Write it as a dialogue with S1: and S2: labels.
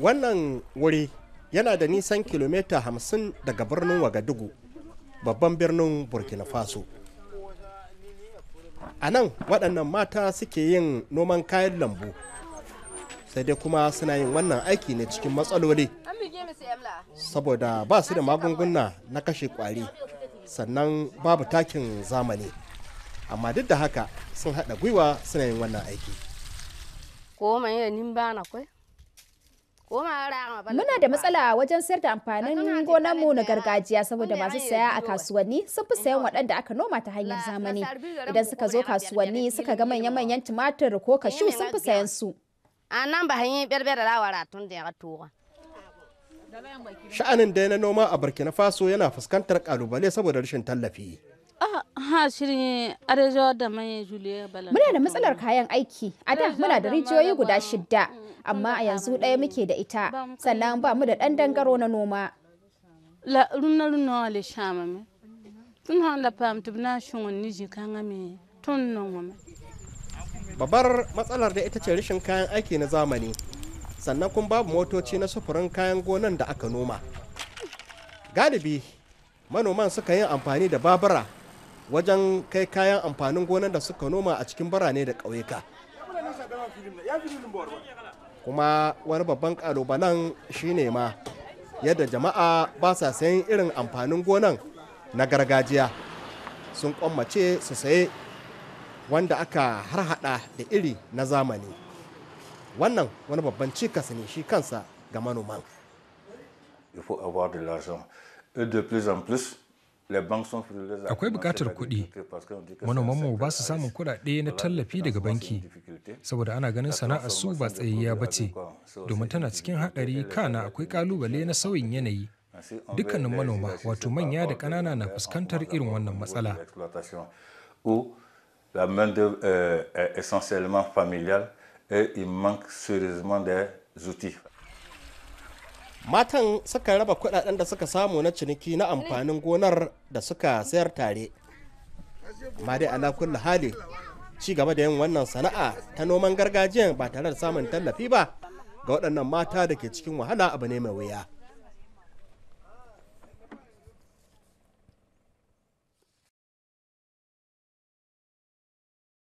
S1: wannan wuri yana da nisan kilomita hamsin daga birnin wagadugu babban birnin burkina faso a nan waɗannan mata suke yin noman kayan lambu sai dai kuma suna yin wannan aiki ne cikin matsaloli saboda ba su da magunguna na kashe kwari sannan babu takin zamani amma duk da haka sun haɗa gwiwa suna yin wannan aiki ko mai ba kwai Muna da matsala wajen sayar da amfanin gonarmu na gargajiya saboda masu saya a kasuwanni sun fi sayan waɗanda aka noma ta hanyar zamani. Idan suka zo kasuwanni suka ga manya-manyan tumatir ko kashu sun fi sayan su. Sha'anin da na noma a Burkina Faso yana fuskantar kalubale saboda rashin tallafi. Ha shirin da manyan Juliya Bala. Muna da matsalar kayan aiki. A da muna da rijiyoyi guda shidda, amma a yanzu ɗaya muke da ita. Sannan ba mu da ɗan dangaro na noma. La runa runa mami. Tun la na shi wani niji kan ame tun Babar matsalar da ita ce rashin kayan aiki na zamani. Sannan kun babu motoci na sufurin kayan gonan da aka noma. Galibi manoman suka yi amfani da babura wajen kai kayan amfanin gonar da suka noma a cikin birane da ƙauyuka kuma wani babban ƙalubalen shine ma yadda jama'a ba sa sayan irin amfanin gonan na gargajiya sun kwammace su saye wanda aka harhaɗa da iri na zamani wannan wani babban cikas ne shi kansa ga manoman. Il faut avoir de l'argent et de plus en plus akwai bukatar kuɗi manomanmu ba su samun kuɗaɗe na tallafi daga banki saboda ana ganin sana'a su ba tsayayya ba ce domin tana cikin haɗari kana akwai ƙalubale na sauyin yanayi dukkanin manoma wato manya da ƙanana na fuskantar irin wannan matsala matan suka raba kudaden da suka samu na ciniki na amfanin gonar da suka sayar tare ma dai ala kulli hali ci gaba da yin wannan sana'a ta noman gargajiyan ba tare da samun tallafi ba ga waɗannan mata da ke cikin wahala abu ne mai wuya